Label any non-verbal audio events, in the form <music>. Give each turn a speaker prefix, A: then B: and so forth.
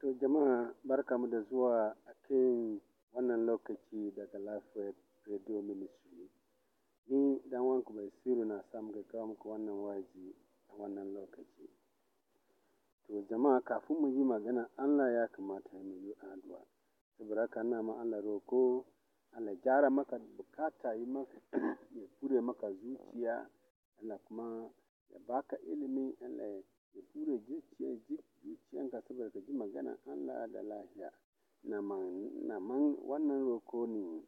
A: To jama'a barka mu da zuwa a cikin wannan lokaci daga Lafiyar Radio Ministry. Ni dan wanku mai siru na samu ga kawo muku wannan wazi a wannan lokaci. To jama'a kafin mu yi magana Allah ya kamata mu yi addu'a. Saboda haka ina ma Allah roko Allah gyara maka bukata yi maka <clears throat> ya kure maka zuciya Allah kuma ya baka ilimi Allah ya kure zuciya ji maganar Allah da lafiya Na man, wannan roƙo
B: ne.